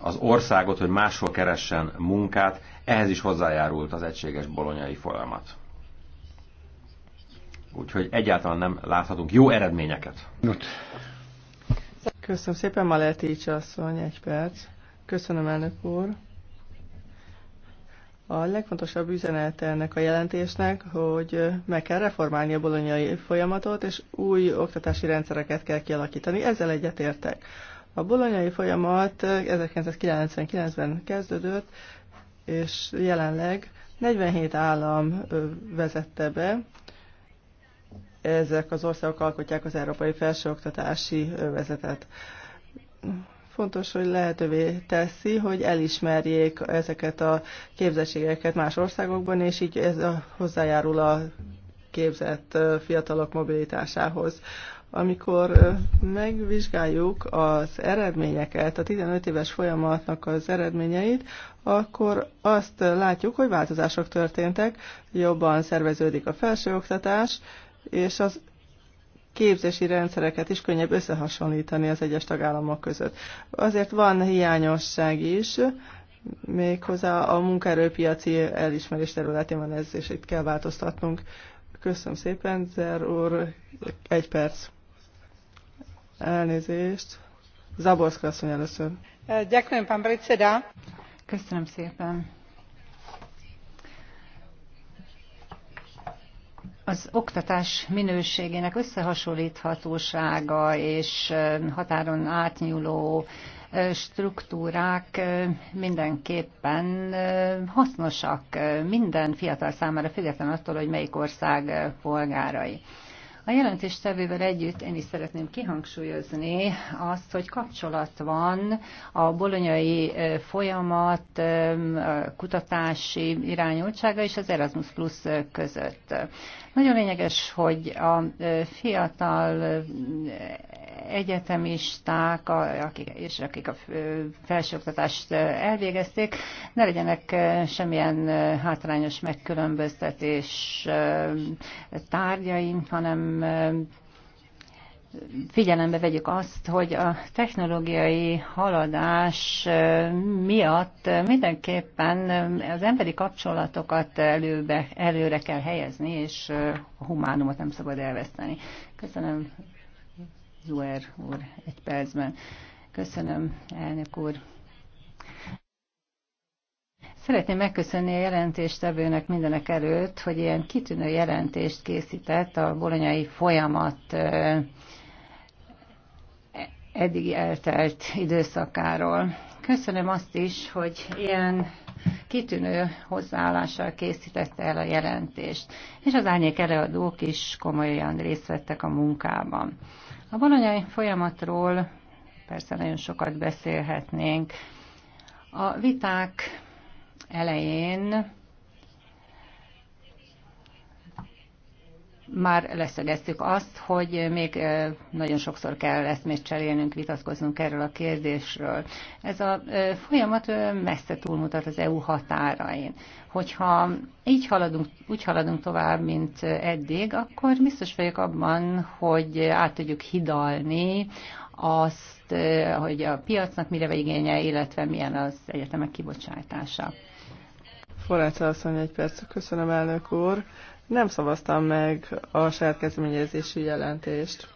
az országot, hogy máshol keressen munkát, ehhez is hozzájárult az egységes bolonyai folyamat. Úgyhogy egyáltalán nem láthatunk jó eredményeket. Köszönöm szépen, Maleti Csasszony, egy perc. Köszönöm, elnök úr. A legfontosabb üzenete ennek a jelentésnek, hogy meg kell reformálni a bolonyai folyamatot, és új oktatási rendszereket kell kialakítani. Ezzel egyetértek. A bolonyai folyamat 1999-ben kezdődött, és jelenleg 47 állam vezette be. Ezek az országok alkotják az európai felsőoktatási vezetet fontos, hogy lehetővé teszi, hogy elismerjék ezeket a képzettségeket más országokban, és így ez a, hozzájárul a képzett fiatalok mobilitásához. Amikor megvizsgáljuk az eredményeket, a 15 éves folyamatnak az eredményeit, akkor azt látjuk, hogy változások történtek, jobban szerveződik a felsőoktatás, és az képzési rendszereket is könnyebb összehasonlítani az egyes tagállamok között. Azért van hiányosság is, méghozzá a munkaerőpiaci elismerés területén van ez, és itt kell változtatnunk. Köszönöm szépen, Zer úr, egy perc. Elnézést. Zaborszka asszony először. Köszönöm szépen. az oktatás minőségének összehasonlíthatósága és határon átnyúló struktúrák mindenképpen hasznosak minden fiatal számára, független attól, hogy melyik ország polgárai. A jelentéstevővel együtt én is szeretném kihangsúlyozni azt, hogy kapcsolat van a bolonyai folyamat kutatási irányultsága és az Erasmus Plus között. Nagyon lényeges, hogy a fiatal egyetemisták, akik, és akik a felsőoktatást elvégezték, ne legyenek semmilyen hátrányos megkülönböztetés tárgyain hanem figyelembe vegyük azt, hogy a technológiai haladás miatt mindenképpen az emberi kapcsolatokat előbe, előre kell helyezni, és a humánumot nem szabad elveszteni. Köszönöm Zuer úr egy percben. Köszönöm, elnök úr. Szeretném megköszönni a jelentéstevőnek mindenek előtt, hogy ilyen kitűnő jelentést készített a bolonyai folyamat eddig eltelt időszakáról. Köszönöm azt is, hogy ilyen kitűnő hozzáállással készítette el a jelentést, és az árnyék előadók is komolyan részt vettek a munkában. A bolonyai folyamatról persze nagyon sokat beszélhetnénk. A viták elején már leszögeztük azt, hogy még nagyon sokszor kell még cserélnünk, vitatkoznunk erről a kérdésről. Ez a folyamat messze túlmutat az EU határain. Hogyha így haladunk, úgy haladunk tovább, mint eddig, akkor biztos vagyok abban, hogy át tudjuk hidalni azt, hogy a piacnak mire van igénye, illetve milyen az egyetemek kibocsátása. Forrácsa asszony, egy perc. Köszönöm, elnök úr nem szavaztam meg a saját kezdeményezési jelentést.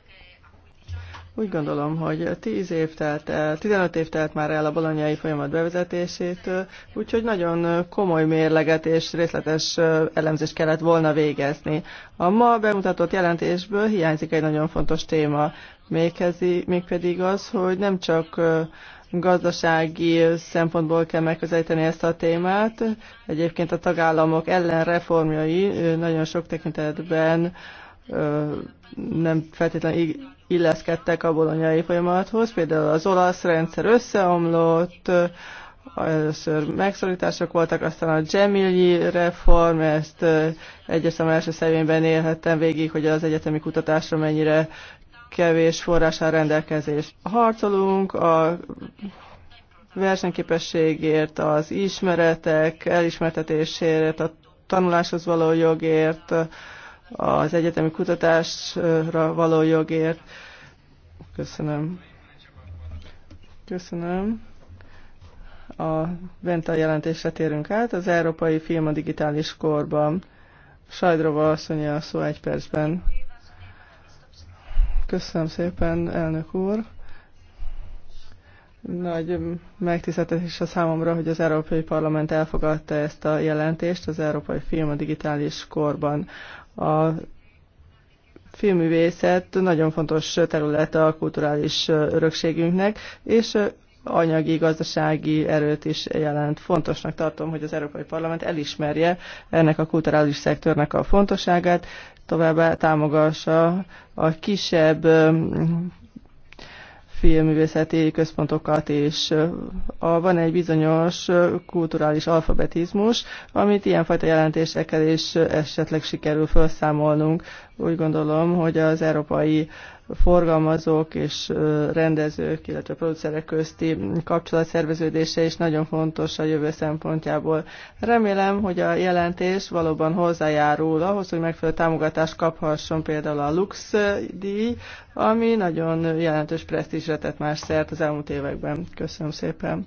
Úgy gondolom, hogy 10 év telt el, 15 év telt már el a bolonyai folyamat bevezetésétől, úgyhogy nagyon komoly mérleget és részletes elemzést kellett volna végezni. A ma bemutatott jelentésből hiányzik egy nagyon fontos téma, mégpedig az, hogy nem csak gazdasági szempontból kell megközelíteni ezt a témát. Egyébként a tagállamok ellen reformjai nagyon sok tekintetben nem feltétlenül illeszkedtek a bolonyai folyamathoz. Például az olasz rendszer összeomlott, először megszorítások voltak, aztán a Gemilli reform, ezt egyes első szemében élhettem végig, hogy az egyetemi kutatásra mennyire kevés forrás áll rendelkezés. Harcolunk a versenyképességért, az ismeretek elismertetésért, a tanuláshoz való jogért, az egyetemi kutatásra való jogért. Köszönöm. Köszönöm. A Venta jelentésre térünk át. Az Európai Film a Digitális Korban. Sajdrova asszonya a szó egy percben. Köszönöm szépen, elnök úr. Nagy megtiszteltetés a számomra, hogy az Európai Parlament elfogadta ezt a jelentést az Európai Film a digitális korban. A filmművészet nagyon fontos területe a kulturális örökségünknek, és anyagi, gazdasági erőt is jelent. Fontosnak tartom, hogy az Európai Parlament elismerje ennek a kulturális szektornak a fontosságát, továbbá támogassa a kisebb filmművészeti központokat és A, van egy bizonyos kulturális alfabetizmus, amit ilyenfajta jelentésekkel is esetleg sikerül felszámolnunk úgy gondolom, hogy az európai forgalmazók és rendezők, illetve producerek közti kapcsolatszerveződése is nagyon fontos a jövő szempontjából. Remélem, hogy a jelentés valóban hozzájárul ahhoz, hogy megfelelő támogatást kaphasson például a Lux díj, ami nagyon jelentős presztízsre tett más szert az elmúlt években. Köszönöm szépen.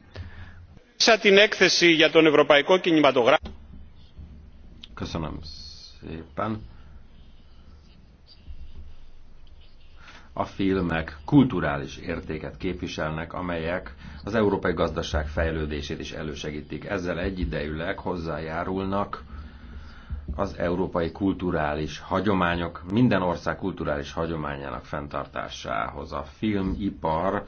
Köszönöm szépen. a filmek kulturális értéket képviselnek, amelyek az európai gazdaság fejlődését is elősegítik. Ezzel egyidejűleg hozzájárulnak az európai kulturális hagyományok, minden ország kulturális hagyományának fenntartásához. A filmipar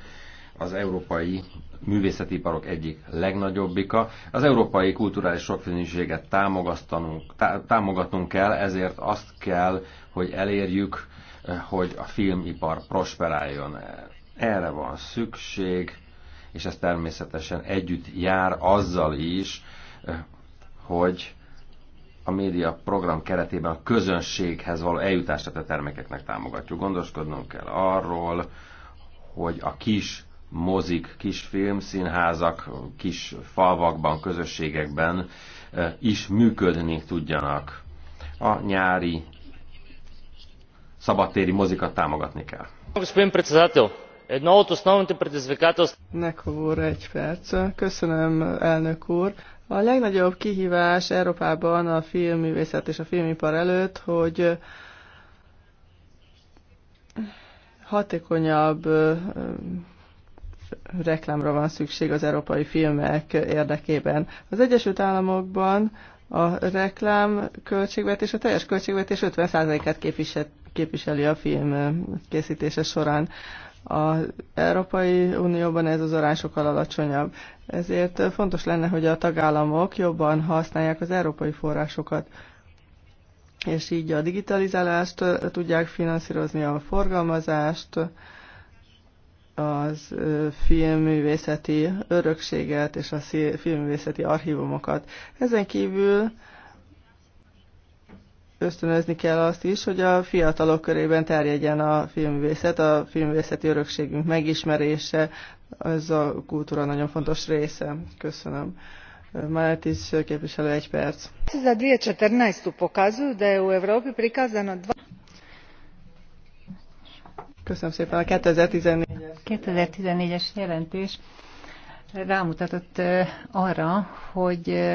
az európai művészetiparok egyik legnagyobbika. Az európai kulturális sokféleséget támogatnunk, tá, támogatnunk kell, ezért azt kell, hogy elérjük, hogy a filmipar prosperáljon. Erre van szükség, és ez természetesen együtt jár azzal is, hogy a média program keretében a közönséghez való eljutást a termékeknek támogatjuk. Gondoskodnunk kell arról, hogy a kis mozik, kis filmszínházak, kis falvakban, közösségekben eh, is működni tudjanak. A nyári szabadtéri mozikat támogatni kell. Nekov úr, egy perc. Köszönöm, elnök úr. A legnagyobb kihívás Európában a filmművészet és a filmipar előtt, hogy hatékonyabb reklámra van szükség az európai filmek érdekében. Az Egyesült Államokban a reklám költségvetés, a teljes költségvetés 50%-át képviseli a film készítése során. Az Európai Unióban ez az arány sokkal alacsonyabb. Ezért fontos lenne, hogy a tagállamok jobban használják az európai forrásokat, és így a digitalizálást tudják finanszírozni, a forgalmazást, az filmművészeti örökséget és a filmművészeti archívumokat. Ezen kívül ösztönözni kell azt is, hogy a fiatalok körében terjedjen a filmvészet, a filmvészeti örökségünk megismerése, ez a kultúra nagyon fontos része. Köszönöm. Mártis képviselő, egy perc. Ez a 2014. pokazuju de je u Evropi prikazano dva... Köszönöm szépen a 2014-es 2014-es jelentés rámutatott arra, hogy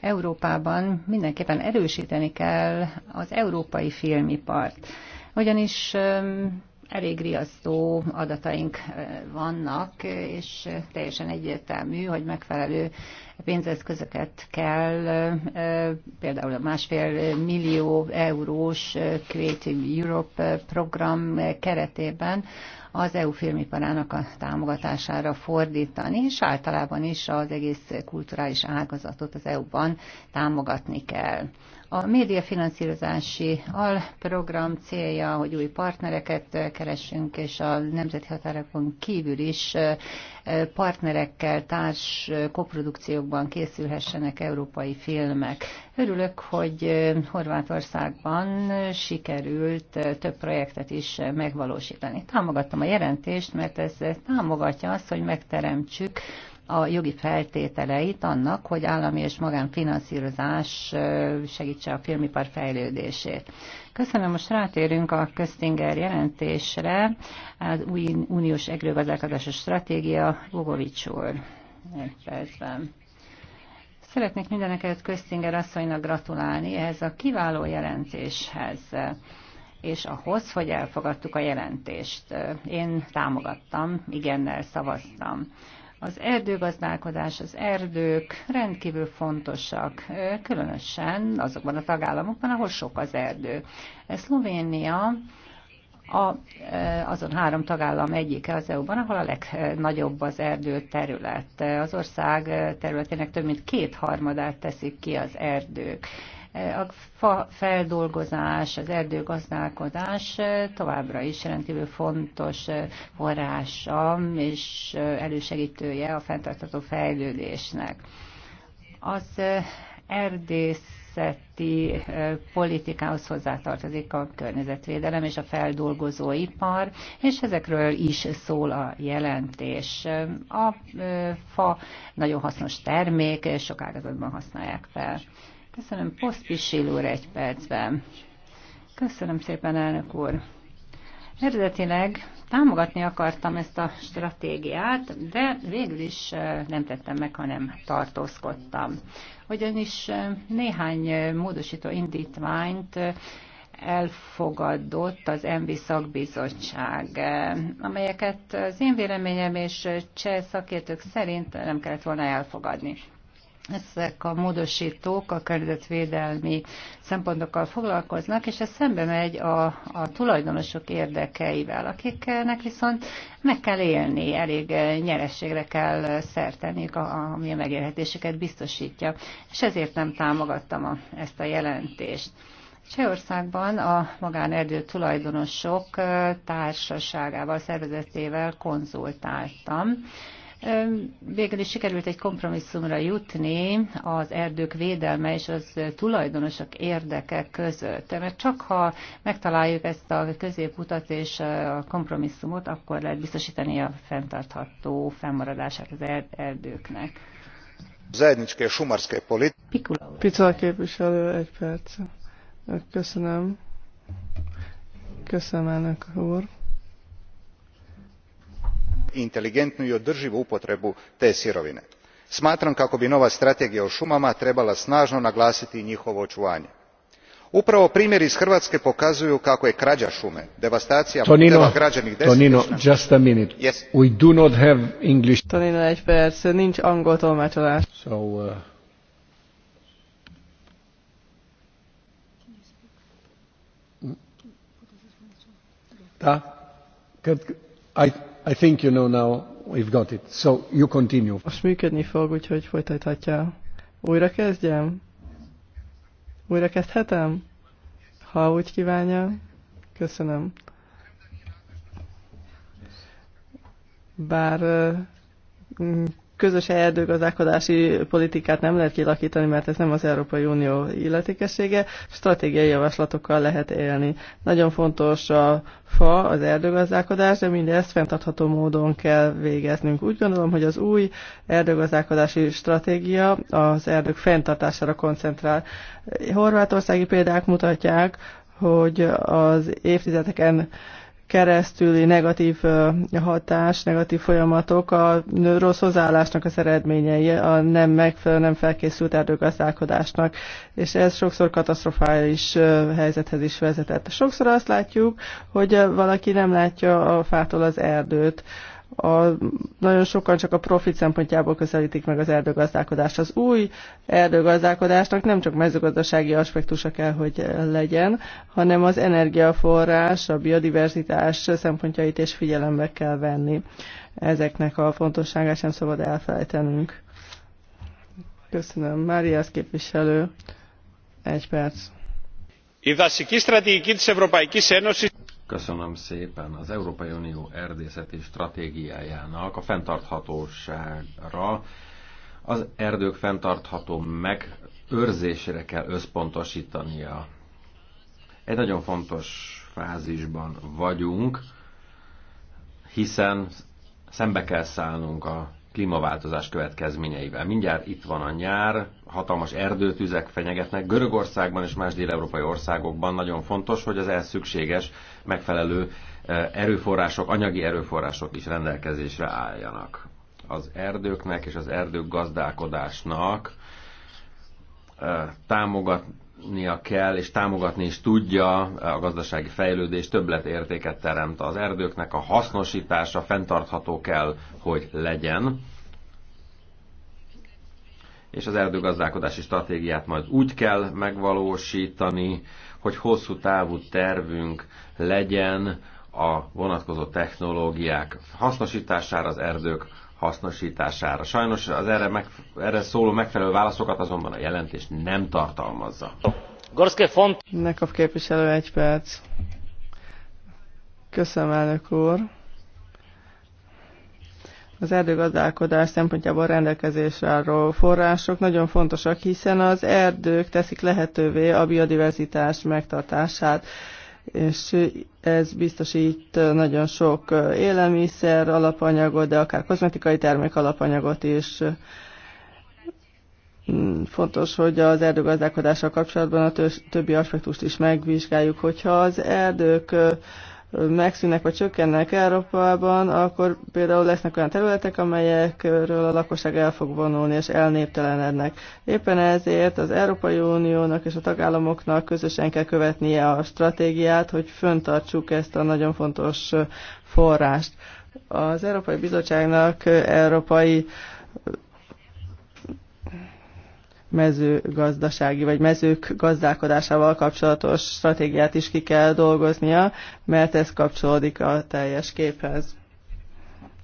Európában mindenképpen erősíteni kell az európai filmipart. Ugyanis elég riasztó adataink vannak, és teljesen egyértelmű, hogy megfelelő pénzeszközöket kell, például a másfél millió eurós Creative Europe program keretében az EU filmiparának a támogatására fordítani, és általában is az egész kulturális ágazatot az EU-ban támogatni kell. A médiafinanszírozási alprogram célja, hogy új partnereket keresünk, és a nemzeti határokon kívül is partnerekkel társ koprodukciókban készülhessenek európai filmek. Örülök, hogy Horvátországban sikerült több projektet is megvalósítani. Támogattam a jelentést, mert ez támogatja azt, hogy megteremtsük a jogi feltételeit annak, hogy állami és magánfinanszírozás segítse a filmipar fejlődését. Köszönöm, most rátérünk a Köztinger jelentésre, az új uniós egrőgazdálkodási stratégia, Bogovics úr. Egy percben. Szeretnék mindeneket Köztinger asszonynak gratulálni ehhez a kiváló jelentéshez és ahhoz, hogy elfogadtuk a jelentést. Én támogattam, igennel szavaztam. Az erdőgazdálkodás, az erdők rendkívül fontosak, különösen azokban a tagállamokban, ahol sok az erdő. Szlovénia a, azon három tagállam egyike az EU-ban, ahol a legnagyobb az erdő terület. Az ország területének több mint kétharmadát teszik ki az erdők. A fa feldolgozás, az erdőgazdálkodás továbbra is rendkívül fontos forrása és elősegítője a fenntartható fejlődésnek. Az erdészeti politikához hozzátartozik a környezetvédelem és a feldolgozó ipar, és ezekről is szól a jelentés. A fa nagyon hasznos termék, sok ágazatban használják fel. Köszönöm, Poszpisil úr egy percben. Köszönöm szépen, elnök úr. Eredetileg támogatni akartam ezt a stratégiát, de végül is nem tettem meg, hanem tartózkodtam. Ugyanis néhány módosító indítványt elfogadott az ENVI szakbizottság, amelyeket az én véleményem és cseh szakértők szerint nem kellett volna elfogadni ezek a módosítók a környezetvédelmi szempontokkal foglalkoznak, és ez szembe megy a, a tulajdonosok érdekeivel, akiknek viszont meg kell élni, elég nyerességre kell szerteniük, ami a megélhetéseket biztosítja, és ezért nem támogattam a, ezt a jelentést. Csehországban a magánerdő tulajdonosok társaságával, szervezetével konzultáltam, Végül is sikerült egy kompromisszumra jutni az erdők védelme és az tulajdonosok érdeke között. Mert csak ha megtaláljuk ezt a középutat és a kompromisszumot, akkor lehet biztosítani a fenntartható fennmaradását az erdőknek. Zajedničke šumarske politike. Picula képviselő, egy perc. Köszönöm. Köszönöm, elnök úr inteligentnu i odrivu upotrebu te sirovine. smatram kako bi nova strategija o umama trebala snano naglasiti njihovo ouvanje. upravo primjeri iz hrvatske pokazuju kako je kraa ume devastacija puteva graenih desetljeima I think you know now we've got it. So you continue. Most működni fog, úgyhogy folytathatja. Újra kezdjem? Újra kezdhetem? Ha úgy kívánja. Köszönöm. Bár közös erdőgazdálkodási politikát nem lehet kilakítani, mert ez nem az Európai Unió illetékessége, stratégiai javaslatokkal lehet élni. Nagyon fontos a fa, az erdőgazdálkodás, de mindezt fenntartható módon kell végeznünk. Úgy gondolom, hogy az új erdőgazdálkodási stratégia az erdők fenntartására koncentrál. Horvátországi példák mutatják, hogy az évtizedeken keresztüli negatív hatás, negatív folyamatok a rossz hozzáállásnak az eredményei, a nem megfelelő, nem felkészült erdőgazdálkodásnak, és ez sokszor katasztrofális helyzethez is vezetett. Sokszor azt látjuk, hogy valaki nem látja a fától az erdőt, a, nagyon sokan csak a profit szempontjából közelítik meg az erdőgazdálkodást. Az új erdőgazdálkodásnak nem csak mezőgazdasági aspektusa kell, hogy legyen, hanem az energiaforrás, a biodiverzitás szempontjait is figyelembe kell venni. Ezeknek a fontosságát sem szabad elfelejtenünk. Köszönöm. Máriász képviselő, egy perc. Η δασική στρατηγική της Ευρωπαϊκής Ένωσης Köszönöm szépen. Az Európai Unió erdészeti stratégiájának a fenntarthatóságra az erdők fenntartható megőrzésére kell összpontosítania. Egy nagyon fontos fázisban vagyunk, hiszen szembe kell szállnunk a klímaváltozás következményeivel. Mindjárt itt van a nyár, hatalmas erdőtüzek fenyegetnek. Görögországban és más dél-európai országokban nagyon fontos, hogy az elszükséges megfelelő e, erőforrások, anyagi erőforrások is rendelkezésre álljanak. Az erdőknek és az erdők gazdálkodásnak e, támogatnia kell, és támogatni is tudja a gazdasági fejlődés, többletértéket teremt az erdőknek, a hasznosítása fenntartható kell, hogy legyen és az erdőgazdálkodási stratégiát majd úgy kell megvalósítani, hogy hosszú távú tervünk legyen a vonatkozó technológiák hasznosítására, az erdők hasznosítására. Sajnos az erre, meg, erre szóló megfelelő válaszokat azonban a jelentés nem tartalmazza. Gorszke font. Nekap képviselő egy perc. Köszönöm, elnök úr az erdőgazdálkodás szempontjából rendelkezésre álló források nagyon fontosak, hiszen az erdők teszik lehetővé a biodiverzitás megtartását, és ez biztosít nagyon sok élelmiszer alapanyagot, de akár kozmetikai termék alapanyagot is. Fontos, hogy az erdőgazdálkodással kapcsolatban a többi aspektust is megvizsgáljuk. Hogyha az erdők megszűnnek vagy csökkennek Európában, akkor például lesznek olyan területek, amelyekről a lakosság el fog vonulni és elnéptelenednek. Éppen ezért az Európai Uniónak és a tagállamoknak közösen kell követnie a stratégiát, hogy föntartsuk ezt a nagyon fontos forrást. Az Európai Bizottságnak európai mezőgazdasági vagy mezők gazdálkodásával kapcsolatos stratégiát is ki kell dolgoznia, mert ez kapcsolódik a teljes képhez.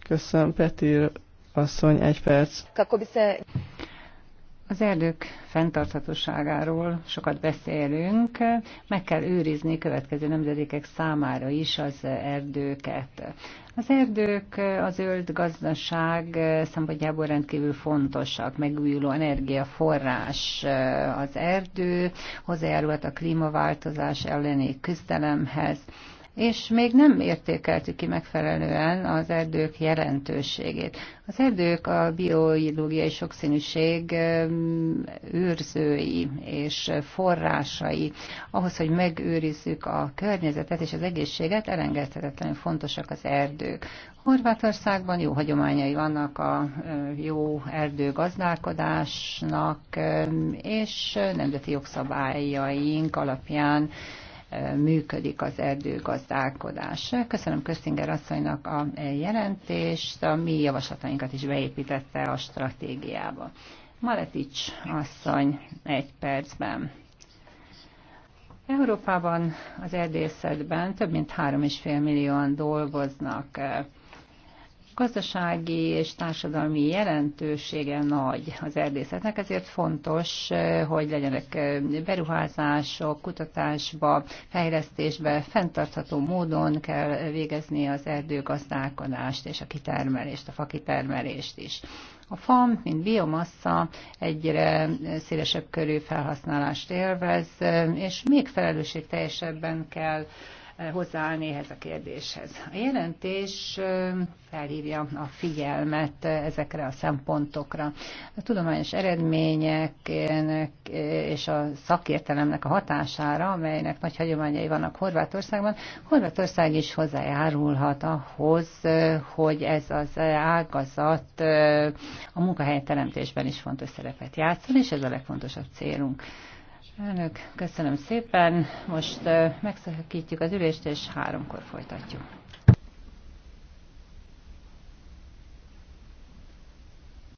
Köszönöm, Petir asszony, egy perc. Az erdők fenntarthatóságáról sokat beszélünk, meg kell őrizni következő nemzedékek számára is az erdőket. Az erdők a zöld gazdaság szempontjából rendkívül fontosak, megújuló energiaforrás az erdő, hozzájárulhat a klímaváltozás elleni küzdelemhez, és még nem értékeltük ki megfelelően az erdők jelentőségét. Az erdők a biológiai sokszínűség őrzői és forrásai. Ahhoz, hogy megőrizzük a környezetet és az egészséget, elengedhetetlenül fontosak az erdők. Horvátországban jó hagyományai vannak a jó erdőgazdálkodásnak, és nemzeti jogszabályaink alapján működik az erdőgazdálkodás. Köszönöm Köszinger asszonynak a jelentést, a mi javaslatainkat is beépítette a stratégiába. Maletics asszony egy percben. Európában az erdészetben több mint 3,5 millióan dolgoznak gazdasági és társadalmi jelentősége nagy az erdészetnek, ezért fontos, hogy legyenek beruházások, kutatásba, fejlesztésbe, fenntartható módon kell végezni az erdőgazdálkodást és a kitermelést, a fakitermelést is. A fa, mint biomassa egyre szélesebb körű felhasználást élvez, és még felelősségteljesebben kell hozzáállni ehhez a kérdéshez. A jelentés felhívja a figyelmet ezekre a szempontokra. A tudományos eredmények és a szakértelemnek a hatására, amelynek nagy hagyományai vannak Horvátországban, Horvátország is hozzájárulhat ahhoz, hogy ez az ágazat a munkahelyteremtésben is fontos szerepet játszol, és ez a legfontosabb célunk. Elnök, köszönöm szépen. Most megszakítjuk az ülést, és háromkor folytatjuk.